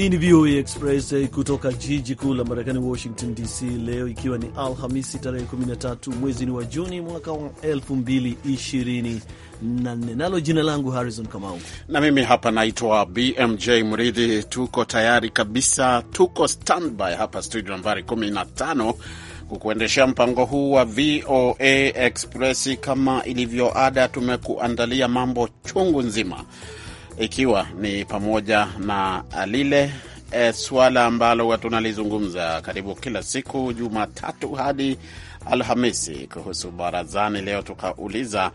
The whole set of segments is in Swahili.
Hii ni VOA Express eh, kutoka jiji kuu la Marekani, Washington DC, leo ikiwa ni Alhamisi tarehe 13 mwezi ni wa Juni mwaka wa na, nalo jina langu Harrison Kamau, na mimi hapa naitwa BMJ Mridhi. Tuko tayari kabisa, tuko standby hapa studio nambari 15 kukuendeshea mpango huu wa VOA Express. Kama ilivyo ada, tumekuandalia mambo chungu nzima ikiwa ni pamoja na lile e, eh, suala ambalo tunalizungumza karibu kila siku Jumatatu hadi Alhamisi kuhusu barazani. Leo tukauliza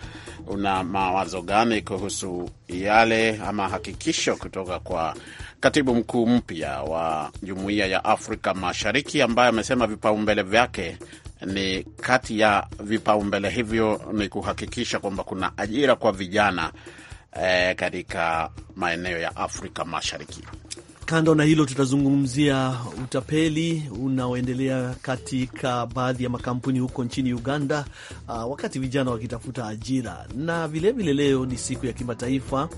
una mawazo gani kuhusu yale ama hakikisho kutoka kwa katibu mkuu mpya wa Jumuiya ya Afrika Mashariki ambaye amesema vipaumbele vyake ni kati ya vipaumbele hivyo ni kuhakikisha kwamba kuna ajira kwa vijana eh, katika maeneo ya Afrika Mashariki. Kando na hilo, tutazungumzia utapeli unaoendelea katika baadhi ya makampuni huko nchini Uganda, uh, wakati vijana wakitafuta ajira, na vilevile leo ni siku ya kimataifa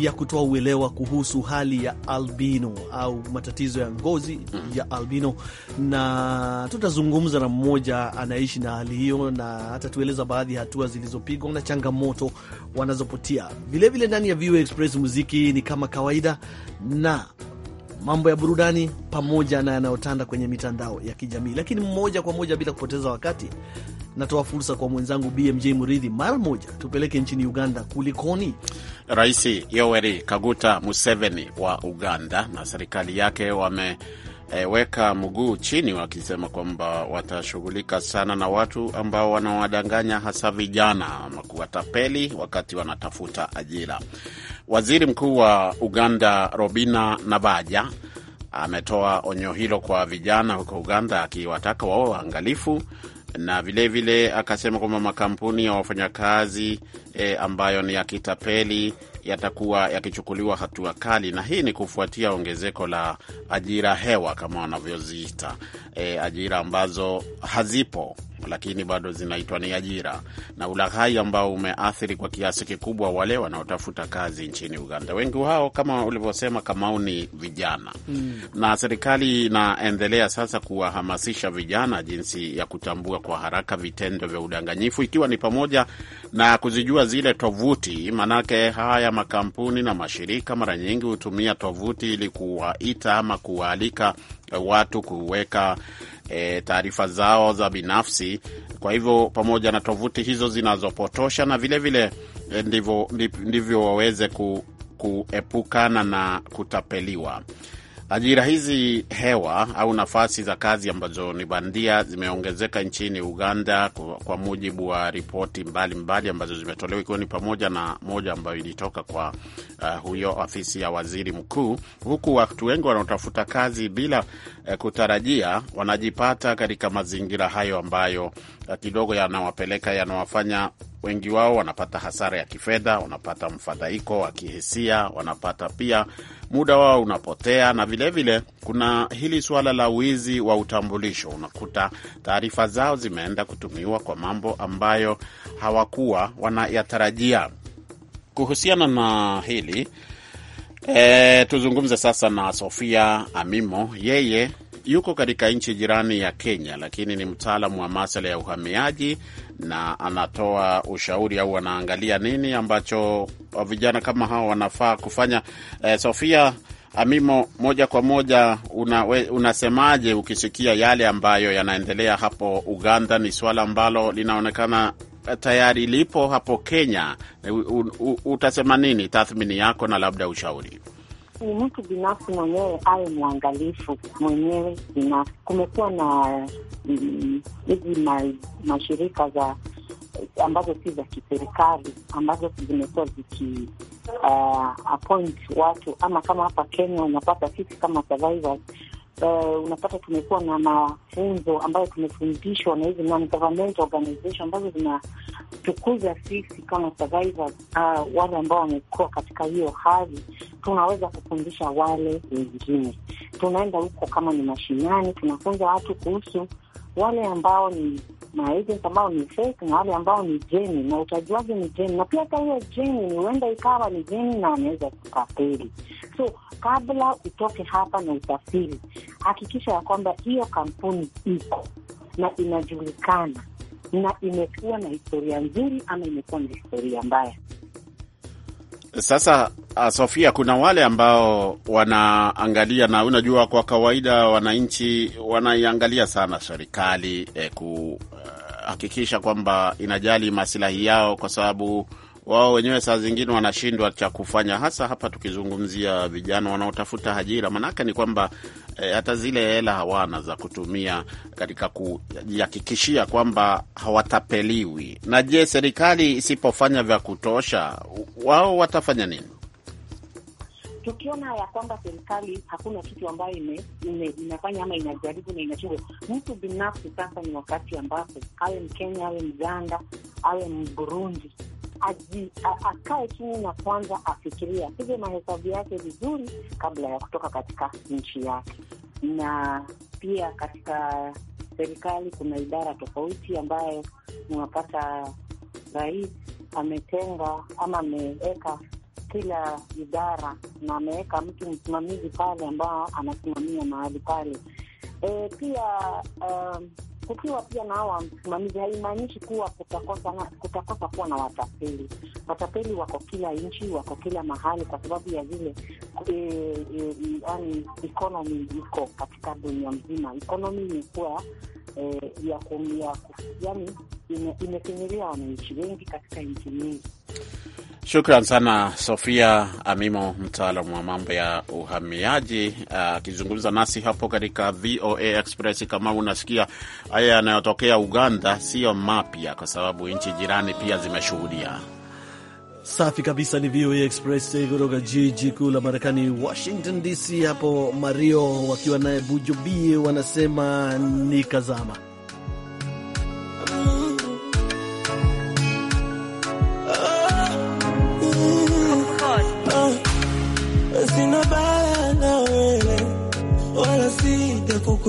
ya kutoa uelewa kuhusu hali ya albino au matatizo ya ngozi ya albino, na tutazungumza na mmoja anaishi na hali hiyo, na atatueleza baadhi ya hatua zilizopigwa na changamoto wanazopitia. Vilevile ndani ya VOA Express muziki ni kama kawaida na mambo ya burudani pamoja na yanayotanda kwenye mitandao ya kijamii. Lakini moja kwa moja, bila kupoteza wakati, natoa fursa kwa mwenzangu BMJ Muridhi. Mara moja tupeleke nchini Uganda, kulikoni? Rais Yoweri Kaguta Museveni wa Uganda na serikali yake wame weka mguu chini wakisema kwamba watashughulika sana na watu ambao wanawadanganya hasa vijana ama kuwatapeli wakati wanatafuta ajira. Waziri Mkuu wa Uganda Robina Nabaja ametoa onyo hilo kwa vijana huko Uganda, akiwataka wao waangalifu na vilevile vile, akasema kwamba makampuni ya wafanyakazi e, ambayo ni ya kitapeli yatakuwa yakichukuliwa hatua kali, na hii ni kufuatia ongezeko la ajira hewa kama wanavyoziita e, ajira ambazo hazipo lakini bado zinaitwa ni ajira, na ulaghai ambao umeathiri kwa kiasi kikubwa wale wanaotafuta kazi nchini Uganda. Wengi wao kama ulivyosema, Kamau, ni vijana mm. na serikali inaendelea sasa kuwahamasisha vijana jinsi ya kutambua kwa haraka vitendo vya udanganyifu, ikiwa ni pamoja na kuzijua zile tovuti, manake haya makampuni na mashirika mara nyingi hutumia tovuti ili kuwaita ama kuwaalika watu kuweka e, taarifa zao za binafsi. Kwa hivyo pamoja na tovuti hizo zinazopotosha na vilevile vile, e, ndivyo, ndivyo waweze ku, kuepukana na kutapeliwa. Ajira hizi hewa au nafasi za kazi ambazo ni bandia zimeongezeka nchini Uganda kwa mujibu wa ripoti mbalimbali ambazo zimetolewa, ikiwa ni pamoja na moja ambayo ilitoka kwa uh, huyo afisi ya waziri mkuu, huku watu wengi wanaotafuta kazi bila uh, kutarajia wanajipata katika mazingira hayo ambayo Eh, kidogo yanawapeleka, yanawafanya wengi wao wanapata hasara ya kifedha, wanapata mfadhaiko wa kihisia, wanapata pia muda wao unapotea, na vilevile vile, kuna hili suala la wizi wa utambulisho. Unakuta taarifa zao zimeenda kutumiwa kwa mambo ambayo hawakuwa wanayatarajia. Kuhusiana na hili e, tuzungumze sasa na Sofia Amimo, yeye yuko katika nchi jirani ya Kenya, lakini ni mtaalamu wa masuala ya uhamiaji na anatoa ushauri au anaangalia nini ambacho vijana kama hawa wanafaa kufanya. Eh, Sofia Amimo, moja kwa moja una, unasemaje ukisikia yale ambayo yanaendelea hapo Uganda? Ni suala ambalo linaonekana eh, tayari lipo hapo Kenya. Eh, u, u, utasema nini, tathmini yako na labda ushauri? ni mtu binafsi mwenyewe awe mwangalifu mwenyewe binafsi. Kumekuwa na mm, hizi mm, mashirika za ambazo si za kiserikali ambazo zimekuwa ziki uh, appoint watu ama kama hapa Kenya unapata sisi kama survivors Uh, unapata tumekuwa na mafunzo ambayo tumefundishwa na hizi non organization ambazo zina kutukuza sisi kama survivors, uh, wale ambao wamekuwa katika hiyo hali, tunaweza kufundisha wale wengine. Tunaenda huko kama ni mashinani, tunafunza watu kuhusu wale ambao ni maagent ambao ni fake na wale ambao ni jeni, na utajuaje ni jeni? Na pia hata hiyo jeni ni huenda ikawa ni jeni na anaweza kukapeli. So kabla utoke hapa na usafiri, hakikisha ya kwamba hiyo kampuni iko na inajulikana na imekuwa na historia nzuri ama imekuwa na historia mbaya. Sasa ah, Sofia, kuna wale ambao wanaangalia, na unajua, kwa kawaida wananchi wanaiangalia sana serikali eh, kuhakikisha eh, kwamba inajali masilahi yao, kwa sababu wao wenyewe saa zingine wanashindwa cha kufanya, hasa hapa tukizungumzia vijana wanaotafuta ajira. Maanake ni kwamba e, hata zile hela hawana za kutumia katika kujihakikishia kwamba hawatapeliwi. Na je, serikali isipofanya vya kutosha, wao watafanya nini? Tukiona ya kwamba serikali hakuna kitu ambayo ime, ime, inafanya ama inajaribu na inachunga mtu binafsi, sasa ni wakati ambapo awe Mkenya awe Mganda awe Mburundi akae chini na kwanza afikiria, apige mahesabu yake vizuri kabla ya kutoka katika nchi yake. Na pia katika serikali kuna idara tofauti ambayo unapata rais ametenga ama ameweka kila idara na ameweka mtu msimamizi pale ambao anasimamia mahali pale. E, pia um, kukiwa pia na hawa msimamizi, haimaanishi kuwa kutakosa na, kutakosa kuwa na watapeli. Watapeli wako kila nchi, wako kila mahali, kwa sababu ya zile e, e, yaani ekonomi iko katika dunia mzima. Ekonomi imekuwa e, ya kumia, yani imefinyiria wananchi wengi katika nchi nyingi. Shukran sana Sofia Amimo, mtaalamu wa mambo ya uhamiaji, akizungumza uh, nasi hapo katika VOA Express. Kama unasikia haya yanayotokea Uganda siyo mapya, kwa sababu nchi jirani pia zimeshuhudia. Safi kabisa, ni VOA Express kutoka jiji kuu la Marekani, Washington DC. Hapo Mario wakiwa naye Bujubie wanasema ni kazama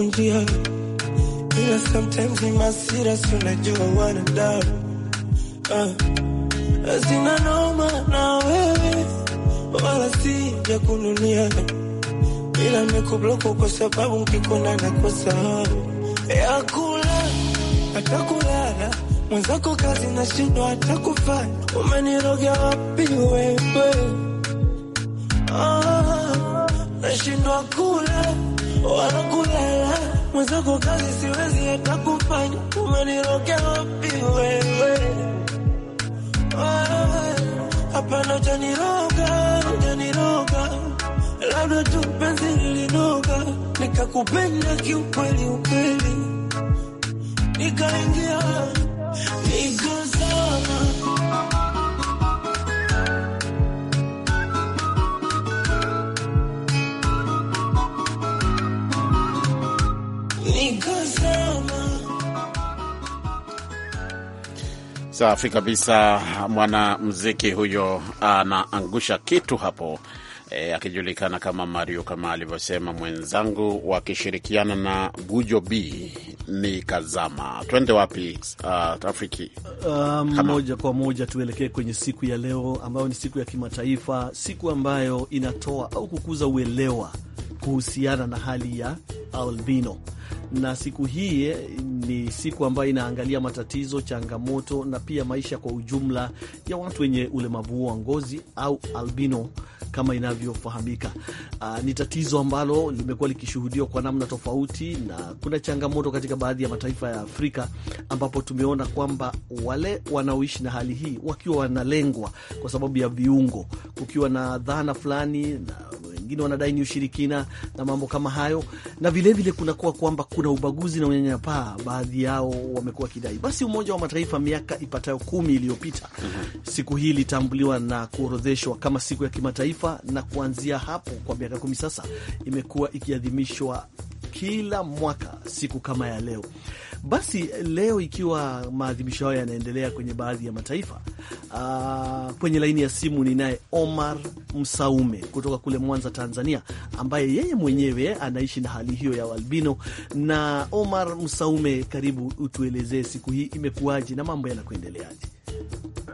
njia, ila sometimes ni masira, si unajua wanadamu ah. hazina uh, noma na wewe wala si ya kununia, ila nimekubloko kwa sababu nkikona nakosa ya eh, kula hata kulala mwenzako kazi na shindwa hata kufanya. Umeniroga wapi wewe? Ah, nashindwa kula wakulala mwenzako, kazi siwezi hata kufanya, umenirokea wapi wewe? Hapana, janiroga janiroga labda tu penzi lilinoga, nikakupenda kiukweli, ukweli nikaingia niko Safi kabisa, mwanamuziki huyo anaangusha kitu hapo e, akijulikana kama Mario kama alivyosema mwenzangu, wakishirikiana na Gujo B ni Kazama. Twende wapi? Uh, rafiki uh, um, moja kwa moja tuelekee kwenye siku ya leo ambayo ni siku ya kimataifa, siku ambayo inatoa au kukuza uelewa kuhusiana na hali ya albino na siku hii ni siku ambayo inaangalia matatizo, changamoto na pia maisha kwa ujumla ya watu wenye ulemavu huo wa ngozi au albino kama inavyofahamika. Uh, ni tatizo ambalo limekuwa likishuhudiwa kwa namna tofauti, na kuna changamoto katika baadhi ya mataifa ya Afrika ambapo tumeona kwamba wale wanaoishi na hali hii wakiwa wanalengwa kwa sababu ya viungo, kukiwa na dhana fulani na wengine wanadai ni ushirikina na mambo kama hayo, na vilevile kunakuwa kwamba kuna ubaguzi na unyanyapaa, baadhi yao wamekuwa kidai Basi Umoja wa Mataifa miaka ipatayo kumi iliyopita mhm. siku hii ilitambuliwa na kuorodheshwa kama siku ya kimataifa, na kuanzia hapo kwa miaka kumi sasa imekuwa ikiadhimishwa kila mwaka siku kama ya leo. Basi leo ikiwa maadhimisho hayo yanaendelea kwenye baadhi ya mataifa aa, ah, kwenye laini ya simu ninaye Omar Msaume kutoka kule Mwanza, Tanzania, ambaye yeye mwenyewe anaishi na hali hiyo ya albino. Na Omar Msaume, karibu utuelezee siku hii imekuwaje na mambo yanakuendeleaje?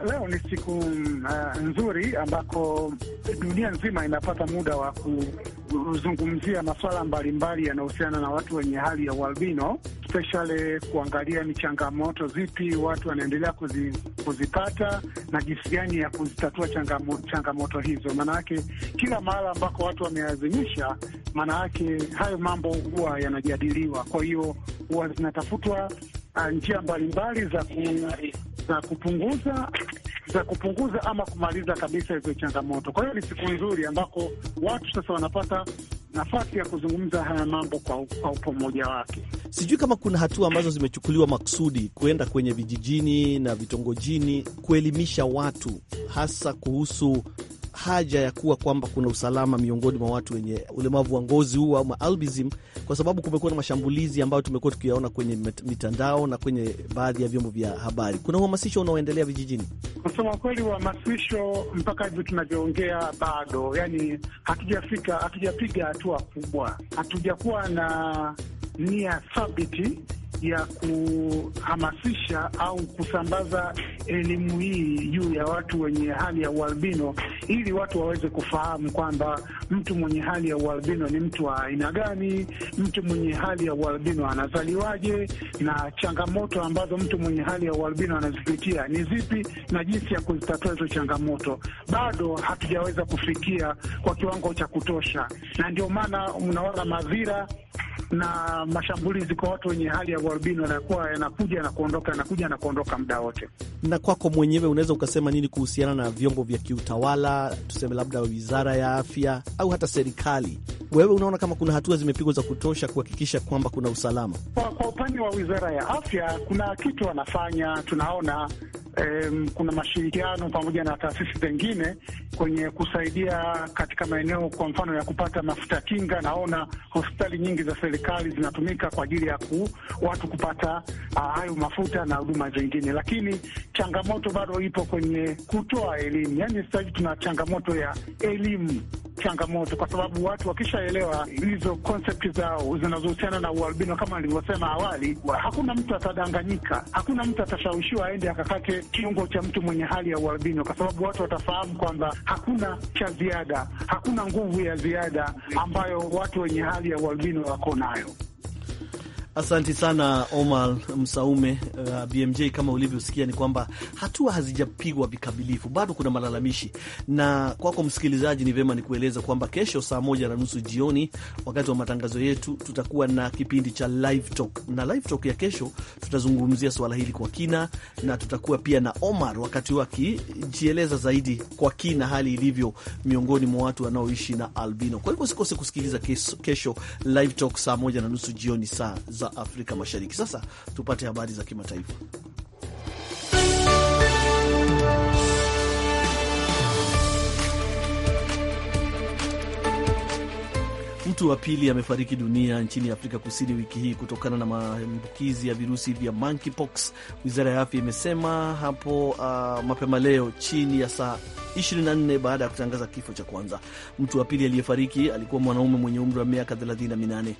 Leo ni siku uh, nzuri ambako dunia nzima inapata muda wa kuzungumzia masuala mbalimbali yanayohusiana na watu wenye hali ya ualbino, especially kuangalia ni changamoto zipi watu wanaendelea kuzi, kuzipata na jinsi gani ya kuzitatua changamo, changamoto hizo. Maanayake kila mahala ambako watu wameazimisha, maanayake hayo mambo huwa yanajadiliwa, kwa hiyo huwa zinatafutwa uh, njia mbalimbali za ku za kupunguza za kupunguza ama kumaliza kabisa hizo changamoto. Kwa hiyo ni siku nzuri ambako watu sasa wanapata nafasi ya kuzungumza haya mambo kwa, kwa upamoja wake. Sijui kama kuna hatua ambazo zimechukuliwa maksudi kwenda kwenye vijijini na vitongojini kuelimisha watu hasa kuhusu haja ya kuwa kwamba kuna usalama miongoni mwa watu wenye ulemavu wa ngozi huu ama albinism, kwa sababu kumekuwa na mashambulizi ambayo tumekuwa tukiyaona kwenye mitandao na kwenye baadhi ya vyombo vya habari. Kuna uhamasisho unaoendelea vijijini? Kusema kweli uhamasisho mpaka hivi tunavyoongea bado, yani hatujafika, hatujapiga hatua kubwa, hatujakuwa na nia thabiti ya kuhamasisha au kusambaza elimu hii juu ya watu wenye hali ya ualbino, ili watu waweze kufahamu kwamba mtu mwenye hali ya ualbino ni mtu wa aina gani, mtu mwenye hali ya ualbino anazaliwaje, na changamoto ambazo mtu mwenye hali ya ualbino anazipitia ni zipi, na jinsi ya kuzitatua hizo changamoto. Bado hatujaweza kufikia kwa kiwango cha kutosha, na ndio maana mnaona madhira na mashambulizi kwa watu wenye hali ya ualbino yanakuwa yanakuja na kuondoka, yanakuja na kuondoka muda wote. Na kwako mwenyewe unaweza ukasema nini kuhusiana na vyombo vya kiutawala, tuseme labda wizara ya afya au hata serikali? Wewe unaona kama kuna hatua zimepigwa za kutosha kuhakikisha kwamba kuna usalama? Kwa, kwa upande wa wizara ya afya kuna kitu wanafanya, tunaona um, kuna mashirikiano pamoja na taasisi zengine kwenye kusaidia katika maeneo kwa mfano ya kupata mafuta kinga. Naona hospitali nyingi za serikali zinatumika kwa ajili ya ku, watu kupata hayo mafuta na huduma zingine, lakini changamoto bado ipo kwenye kutoa elimu. Yani sasa hivi tuna changamoto ya elimu changamoto, kwa sababu watu wakishaelewa hizo konsepti zao zinazohusiana na ualbino kama nilivyosema awali, hakuna mtu atadanganyika, hakuna mtu atashawishiwa aende akakate kiungo cha mtu mwenye hali ya ualbino, kwa sababu watu watafahamu kwamba hakuna cha ziada, hakuna nguvu ya ziada ambayo watu wenye hali ya ualbino wako nayo. Asanti sana Omar Msaume. Uh, BMJ, kama ulivyosikia ni kwamba hatua hazijapigwa vikamilifu, bado kuna malalamishi. Na kwako msikilizaji, ni vyema nikueleza kwamba kesho saa moja na nusu jioni, wakati wa matangazo yetu, tutakuwa na kipindi cha Live Talk, na Live Talk ya kesho tutazungumzia swala hili kwa kina, na tutakuwa pia na Omar wakati huo akijieleza zaidi kwa kina hali ilivyo miongoni mwa watu wanaoishi na albino. Kwa hivyo usikose kusikiliza kesho, kesho Live Talk saa moja na nusu jioni saa za za Afrika Mashariki. Sasa tupate habari za kimataifa. Mtu wa pili amefariki dunia nchini Afrika Kusini wiki hii kutokana na maambukizi ya virusi vya monkeypox, wizara ya afya imesema hapo uh, mapema leo chini ya saa 24 baada ya kutangaza kifo cha kwanza. Mtu wa pili aliyefariki alikuwa mwanaume mwenye umri wa miaka 38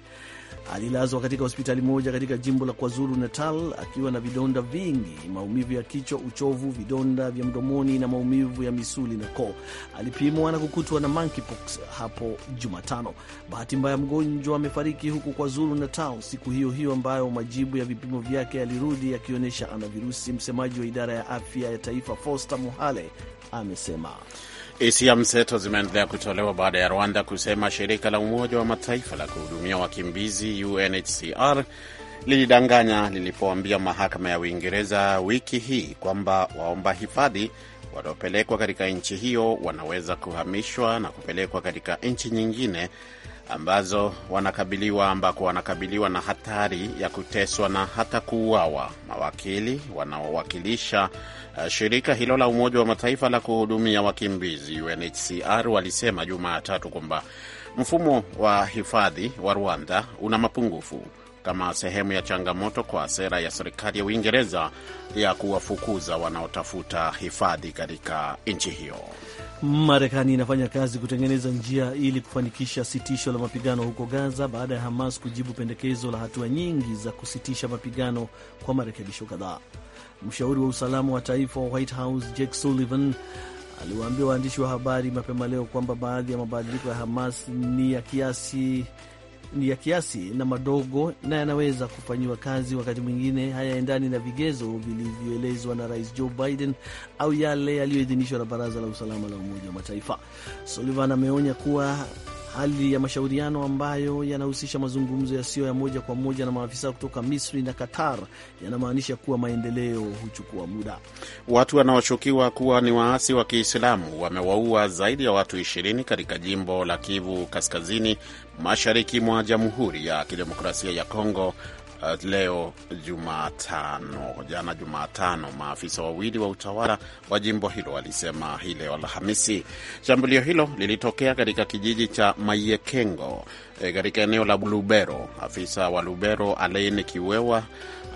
alilazwa katika hospitali moja katika jimbo la KwaZulu Natal akiwa na vidonda vingi, maumivu ya kichwa, uchovu, vidonda vya mdomoni na maumivu ya misuli na koo. Alipimwa na kukutwa na monkeypox hapo Jumatano. Bahati mbaya, mgonjwa amefariki huku KwaZulu Natal siku hiyo hiyo ambayo majibu ya vipimo vyake yalirudi yakionyesha ana virusi. Msemaji wa idara ya afya ya taifa Foster Muhale amesema Hisia mseto zimeendelea kutolewa baada ya Rwanda kusema shirika la Umoja wa Mataifa la kuhudumia wakimbizi UNHCR lilidanganya lilipoambia mahakama ya Uingereza wiki hii kwamba waomba hifadhi wanaopelekwa katika nchi hiyo wanaweza kuhamishwa na kupelekwa katika nchi nyingine ambazo wanakabiliwa ambako wanakabiliwa na hatari ya kuteswa na hata kuuawa. Mawakili wanaowakilisha Uh, shirika hilo la Umoja wa Mataifa la kuhudumia wakimbizi UNHCR walisema Jumatatu kwamba mfumo wa hifadhi wa Rwanda una mapungufu kama sehemu ya changamoto kwa sera ya serikali ya Uingereza ya kuwafukuza wanaotafuta hifadhi katika nchi hiyo. Marekani inafanya kazi kutengeneza njia ili kufanikisha sitisho la mapigano huko Gaza baada ya Hamas kujibu pendekezo la hatua nyingi za kusitisha mapigano kwa marekebisho kadhaa. Mshauri wa usalama wa taifa wa White House Jake Sullivan aliwaambia waandishi wa habari mapema leo kwamba baadhi ya mabadiliko ya Hamas ni ya kiasi ni ya kiasi na madogo na yanaweza kufanyiwa kazi, wakati mwingine hayaendani na vigezo vilivyoelezwa na Rais Joe Biden au yale yaliyoidhinishwa na Baraza la Usalama la Umoja wa Mataifa. Sullivan ameonya kuwa hali ya mashauriano ambayo yanahusisha mazungumzo yasiyo ya moja kwa moja na maafisa kutoka Misri na Qatar yanamaanisha kuwa maendeleo huchukua muda. Watu wanaoshukiwa kuwa ni waasi wa Kiislamu wamewaua zaidi ya watu ishirini katika jimbo la Kivu Kaskazini, mashariki mwa Jamhuri ya Kidemokrasia ya Kongo uh, leo Jumatano. Jana Jumatano, maafisa wawili wa utawala wa jimbo hilo walisema hii leo Alhamisi shambulio hilo lilitokea katika kijiji cha Maiekengo eh, katika eneo la Lubero. Afisa wa Lubero Alain Kiwewa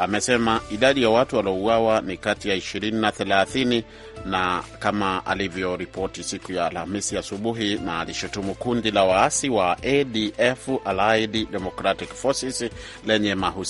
amesema idadi ya watu waliouawa ni kati ya 20 na 30, na kama alivyoripoti siku ya Alhamisi asubuhi, na alishutumu kundi la waasi wa ADF Allied Democratic Forces lenye mahusi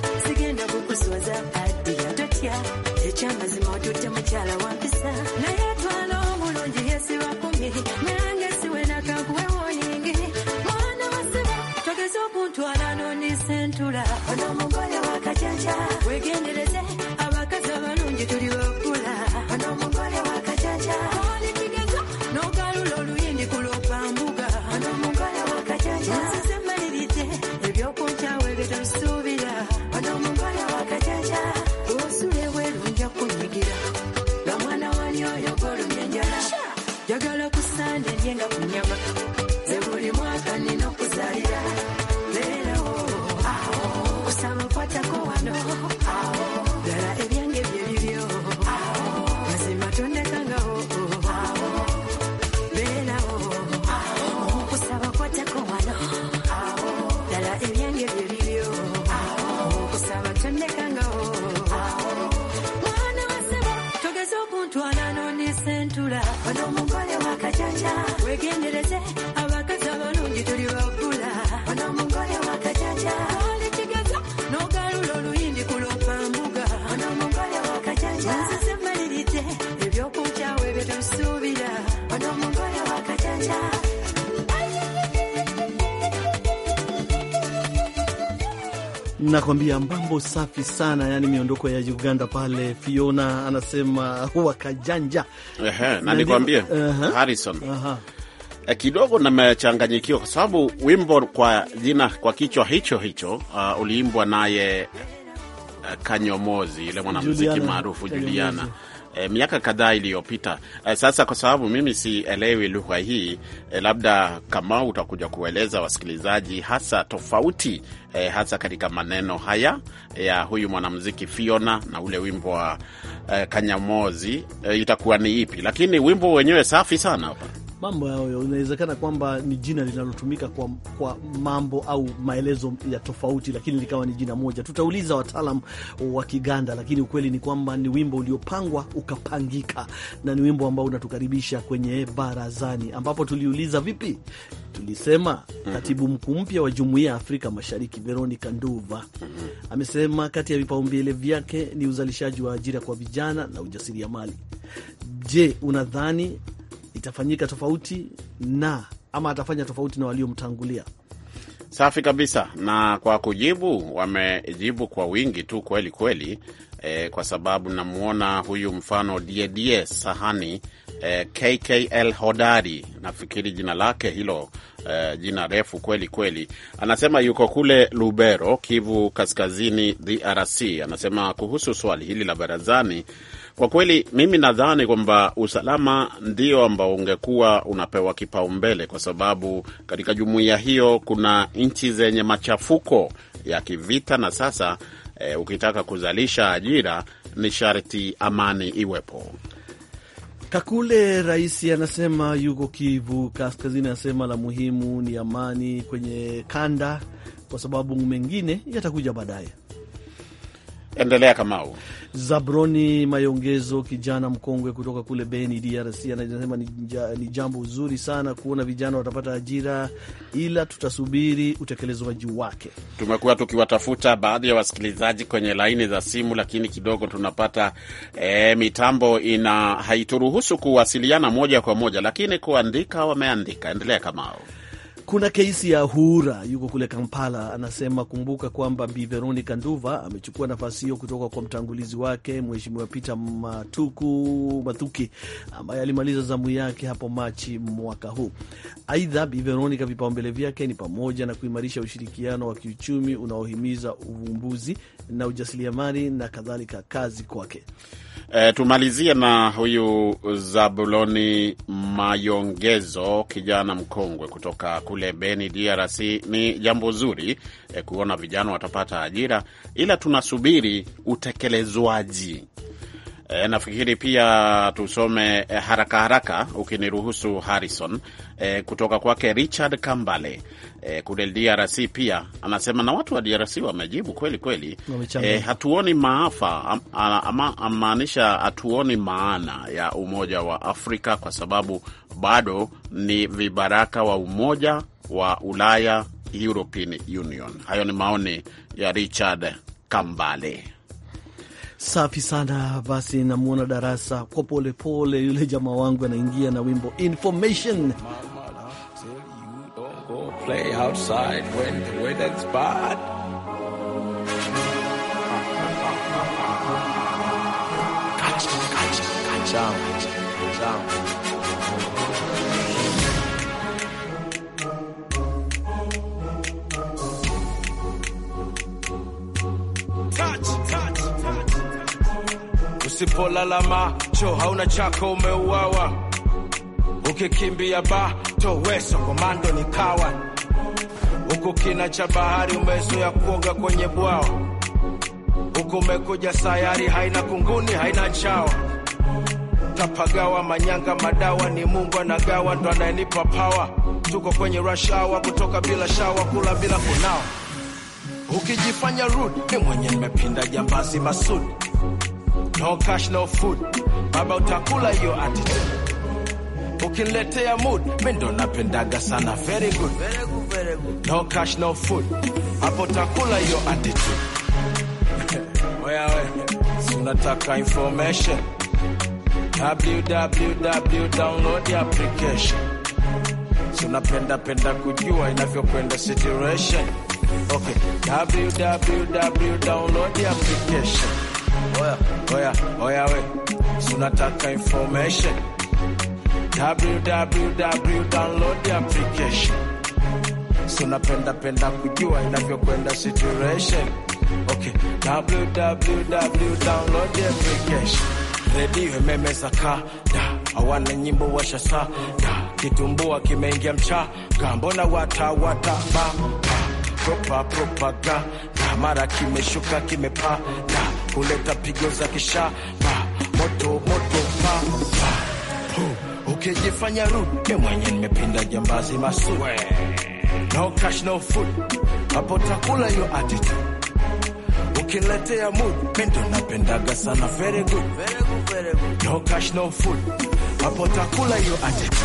ogenda kukuswaza adi yatotya ekyamazima otutya mukyala wampisa naye twala omulungi yesiba kumi nange siwe nakakuwe woningi mwana wasiba togeza okuntwala nondisentula onomugoye wakajanjala nakwambia mambo safi sana, yani miondoko ya Uganda pale. Fiona anasema wakajanja na nikwambie Harrison eh, kidogo namechanganyikiwa kwa sababu wimbo kwa jina kwa kichwa hicho hicho uh, uliimbwa naye uh, Kanyomozi, yule mwanamuziki maarufu Juliana, Juliana e, miaka kadhaa iliyopita. E, sasa kwa sababu mimi sielewi lugha hii e, labda kama utakuja kueleza wasikilizaji hasa tofauti e, hasa katika maneno haya ya e, huyu mwanamuziki Fiona na ule wimbo wa e, Kanyamozi e, itakuwa ni ipi? Lakini wimbo wenyewe safi sana hapa mambo hayo. Inawezekana kwamba ni jina linalotumika kwa, kwa mambo au maelezo ya tofauti, lakini likawa ni jina moja. Tutauliza wataalam wa Kiganda, lakini ukweli ni kwamba ni wimbo uliopangwa ukapangika, na ni wimbo ambao unatukaribisha kwenye barazani, ambapo tuliuliza vipi. Tulisema mhm. katibu mkuu mpya wa Jumuiya ya Afrika Mashariki Veronica Nduva mhm. amesema kati ya vipaumbele vyake ni uzalishaji wa ajira kwa vijana na ujasiriamali. Je, unadhani itafanyika tofauti na ama atafanya tofauti na waliomtangulia. Safi kabisa. Na kwa kujibu, wamejibu kwa wingi tu kweli kweli. E, kwa sababu namwona huyu mfano Diedie Sahani e, eh, KKL Hodari, nafikiri jina lake hilo e, jina refu kweli kweli. Anasema yuko kule Lubero, Kivu Kaskazini, DRC. Anasema kuhusu swali hili la barazani kwa kweli mimi nadhani kwamba usalama ndio ambao ungekuwa unapewa kipaumbele, kwa sababu katika jumuiya hiyo kuna nchi zenye machafuko ya kivita, na sasa e, ukitaka kuzalisha ajira ni sharti amani iwepo. Kakule rais anasema yuko Kivu Kaskazini, anasema la muhimu ni amani kwenye kanda, kwa sababu mengine yatakuja baadaye. Endelea Kamau. Zabroni Mayongezo, kijana mkongwe kutoka kule Beni, DRC, anasema ni jambo zuri sana kuona vijana watapata ajira, ila tutasubiri utekelezwaji wake. Tumekuwa tukiwatafuta baadhi ya wasikilizaji kwenye laini za simu, lakini kidogo tunapata e, mitambo ina haituruhusu kuwasiliana moja kwa moja, lakini kuandika wameandika. Endelea Kamau. Kuna kesi ya hura yuko kule Kampala, anasema kumbuka kwamba Bi Veronica Nduva amechukua nafasi hiyo kutoka kwa mtangulizi wake Mheshimiwa Peter Matuku Mathuki ambaye alimaliza zamu yake hapo Machi mwaka huu. Aidha, Bi Veronica vipaumbele vyake ni pamoja na kuimarisha ushirikiano wa kiuchumi unaohimiza uvumbuzi na ujasiriamali na kadhalika, kazi kwake E, tumalizie na huyu Zabuloni Mayongezo, kijana mkongwe kutoka kule Beni, DRC. Ni jambo zuri e, kuona vijana watapata ajira, ila tunasubiri utekelezwaji E, nafikiri pia tusome e, haraka haraka ukiniruhusu Harrison e, kutoka kwake Richard Kambale e, kule DRC pia anasema, na watu wa DRC wamejibu kweli kweli e, hatuoni maafa ama amaanisha hatuoni maana ya Umoja wa Afrika kwa sababu bado ni vibaraka wa Umoja wa Ulaya, European Union. Hayo ni maoni ya Richard Kambale. Safi sana. Basi namwona darasa kwa polepole, yule jamaa wangu anaingia na wimbo information Mama, Usipolala macho hauna chako, umeuawa. Ukikimbia weso komando ni kawa. Huku kina cha bahari umezoea kuoga kwenye bwawa, huku umekuja sayari haina kunguni, haina chawa. Tapagawa manyanga madawa, ni Mungu anagawa, ndo anayenipa pawa. Tuko kwenye rush hour, kutoka bila shawa, kula bila kunawa, ukijifanya rude ni mwenye mepinda jambazi masudi No cash, no food. Baba utakula hiyo attitude. Ukiniletea mood, mimi ndo napendaga sana. Very good. No cash, no food. Hapo utakula hiyo attitude. Oya we, unataka information. www download the application. Unapenda penda kujua inavyokwenda situation. Okay. www download the application oya oya we sunataka information www download application sunapenda penda kujua inavyokwenda situation okay www download application redio imemeza kada hawana nyimbo washasa da kitumbua kimeingia mchaka mbona watawataba propa propaga mara kimeshuka kimepaa kuleta pigo za kisha pa, moto moto pa, pa. Ukijifanya ruke mwenye nimepinda jambazi masue no cash no food hapo takula hiyo attitude ukiniletea mood mendo napendaga sana very good Very very good, good. no cash no food hapo takula yo atitu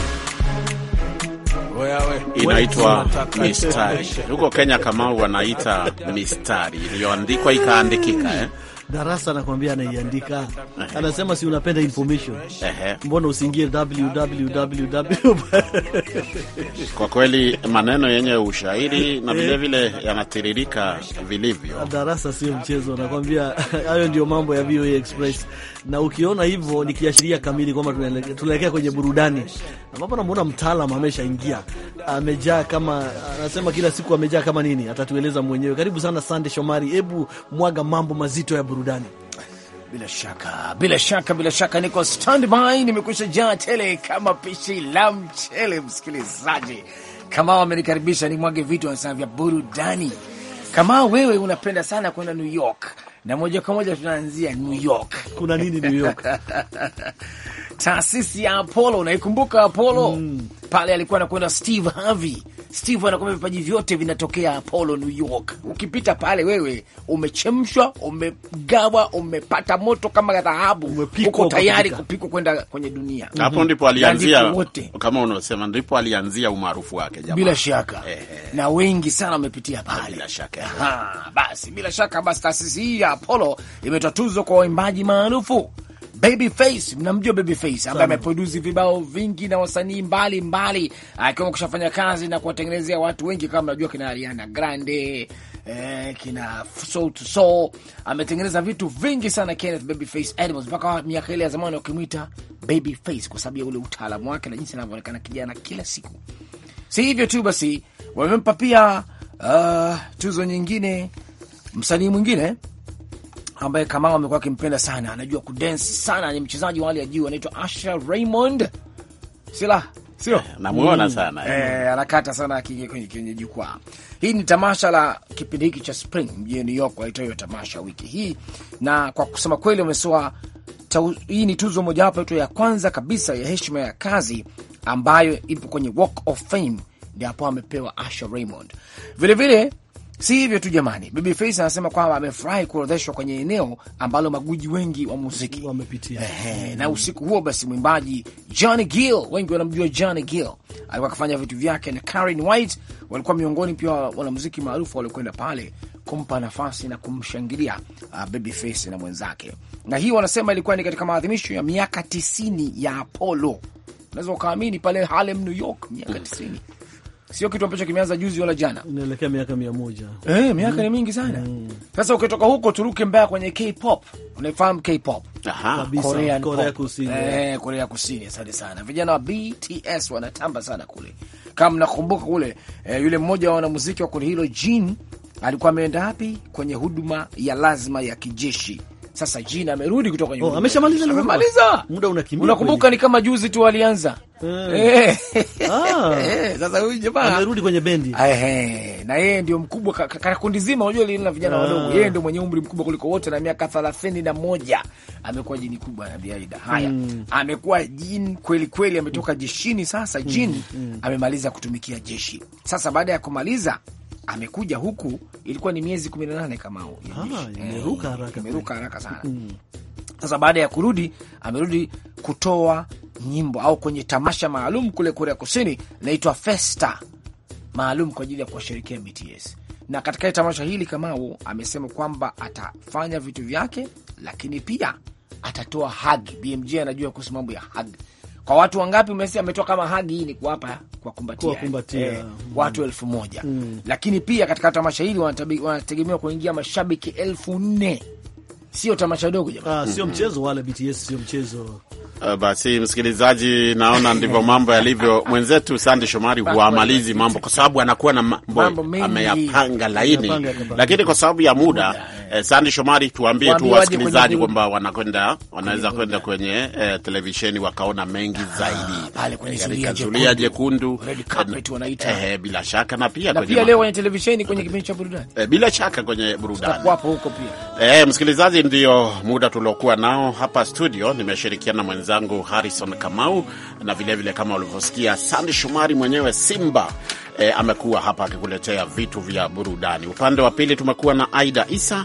inaitwa mistari huko Kenya, kama wanaita mistari iliyoandikwa ikaandikika eh? darasa anakwambia, anaiandika, anasema si unapenda information, mbona usiingie www? Kwa kweli maneno yenye ushairi na vilevile eh. yanatiririka vilivyo, darasa sio mchezo, anakwambia hayo ndio mambo ya VOA Express, na ukiona hivyo ni kiashiria kamili kwamba tunaelekea kwenye burudani, ambapo namuona mtaalam ameshaingia, amejaa kama anasema, kila siku amejaa kama nini, atatueleza mwenyewe. Karibu sana Sande Shomari, hebu mwaga mambo mazito ya burudani burudani. Bila shaka bila shaka bila shaka, niko standby, nimekwisha jaa tele kama pishi la mchele. Msikilizaji, kama wamenikaribisha ni mwage vitu anasema vya burudani. Kama wewe unapenda sana kwenda New York na moja kwa moja tunaanzia New York. Kuna nini New York? Taasisi ya Apollo, unaikumbuka Apollo? Mm. Pale alikuwa anakwenda Steve Harvey. Steve anakwambia vipaji vyote vinatokea Apollo New York. Ukipita pale wewe umechemshwa, umegawa, umepata moto kama dhahabu, uko tayari kupikwa kwenda kwenye dunia. Hapo mhm. ndipo alianzia, kama unaosema, ndipo alianzia umaarufu wake jamaa, bila shaka eh, eh. Na wengi sana wamepitia pale, bila shaka eh. Aha, basi bila shaka basi taasisi hii ya Apollo imetoa tuzo kwa waimbaji maarufu. Babyface, mnamjua Babyface ambaye ameproduzi vibao vingi na wasanii mbalimbali, akiwemo kushafanya kazi na kuwatengenezea watu wengi, kama mnajua kina Ariana Grande eh, kina Soul to Soul. Ametengeneza vitu vingi sana Kenneth Babyface Edmonds, mpaka miaka ile ya zamani wakimwita Babyface kwa sababu ya ule utaalamu wake na jinsi anavyoonekana kijana kila siku. Si hivyo tu basi, wamempa pia uh, tuzo nyingine msanii mwingine ambaye Kamau amekuwa akimpenda sana, anajua kudensi sana, ni mchezaji wa hali ya juu, anaitwa Asha Raymond sila sio eh, namuona mm, sana eh, anakata sana kwenye jukwaa. Hii ni tamasha la kipindi hiki cha spring mjini New York, walitoa hiyo tamasha wiki hii, na kwa kusema kweli wamesoa. Hii ni tuzo mojawapo tu ya kwanza kabisa ya heshima ya kazi ambayo ipo kwenye Walk of Fame, ndipo amepewa Asha Raymond vilevile Si hivyo tu jamani, Babyface anasema kwamba amefurahi kuorodheshwa kwenye eneo ambalo maguji wengi wa muziki wamepitia. Ehe, na usiku huo basi mwimbaji Johnny Gill, wengi wanamjua Johnny Gill, alikuwa akifanya vitu vyake na Karen White walikuwa miongoni pia wanamuziki maarufu waliokwenda pale kumpa nafasi na kumshangilia uh, ah, Babyface na mwenzake. Na hii wanasema ilikuwa ni katika maadhimisho ya miaka tisini ya Apollo. Unaweza ukaamini pale Harlem, New York, miaka tisini sio kitu ambacho kimeanza juzi wala jana, inaelekea miaka mia moja. Eh, miaka mm. ni mingi sana mm. Sasa ukitoka huko turuke mbaya kwenye K-pop, unaifahamu K-pop? Aha, Korea, Korea Kusini eh, Korea Kusini. Asante sana vijana wa BTS wanatamba sana kule, kama mnakumbuka kule eh, yule mmoja wa wanamuziki wa kundi hilo Jin alikuwa ameenda wapi kwenye huduma ya lazima ya kijeshi sasa jina amerudi kutoka nyuma. Oh, ameshamaliza amemaliza. Muda unakimbia. Unakumbuka ni kama juzi tu alianza. Eh. Hey. Eh. Ah. Eh, sasa huyu jamaa amerudi kwenye bendi. Eh, na yeye ndio mkubwa katika kundi zima, unajua lina vijana ah. wadogo. Yeye ndio mwenye umri mkubwa kuliko wote na miaka 31. Amekuwa jini kubwa na biaida. Haya. Hmm. Amekuwa jini kweli kweli, ametoka hmm. jeshini sasa hmm, jini. Hmm. Hmm. Amemaliza kutumikia jeshi. Sasa baada ya kumaliza amekuja huku, ilikuwa ni miezi 18 kama ah, imeruka haraka, imeruka haraka sana. Mm. Sasa baada ya kurudi, amerudi kutoa nyimbo au kwenye tamasha maalum kule Korea Kusini inaitwa Festa, maalum kwa ajili ya kuwashirikia BTS na katika tamasha hili Kamau amesema kwamba atafanya vitu vyake, lakini pia atatoa hag. BMJ anajua kuhusu mambo ya hag, kwa watu wangapi? Umesema ametoa kama hagi hii ni kuwapa kwa kumbatia, eh, kwa kumbatia. Eh, watu elfu moja mm. Lakini pia katika tamasha hili wanategemewa kuingia mashabiki elfu nne sio tamasha dogo jamaa Ah, sio mchezo wala BTS sio mchezo. Uh, basi msikilizaji, naona ndivyo mambo yalivyo. Mwenzetu Sande Shomari huamalizi mambo kwa sababu anakuwa na mambo ameyapanga laini, lakini kwa sababu ya muda Eh, Sandi Shomari, tuambie tu wasikilizaji kwamba wanakwenda wanaweza kwenda kwenye eh, televisheni wakaona mengi ah, zaidi pale kwenye zulia jekundu, jekundu red carpet wanaita eh, eh, bila shaka na pia na kwenye pia leo kwenye televisheni kwenye kipindi cha burudani eh, bila shaka kwenye burudani huko pia eh, msikilizaji, ndio muda tuliokuwa nao hapa studio. Nimeshirikiana mwenzangu Harrison Kamau na vile vile kama ulivyosikia Sandi Shomari mwenyewe Simba eh, amekuwa hapa akikuletea vitu vya burudani. Upande wa pili tumekuwa na Aida Isa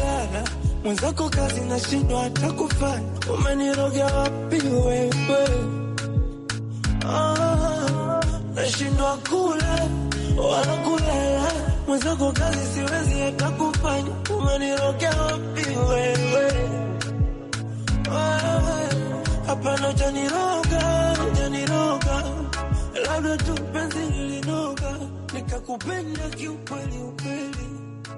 mwenzako kazi na shindwa hata kufanya. Umeniroga wapi wewe? Ah, nashindwa kula wala kulala, mwenzako kazi siwezi hata kufanya. Umeniroga wapi wewe? Ah, hapana, janiroga janiroga, labda tu penzi lilinoga, nikakupenda kiukweli ukweli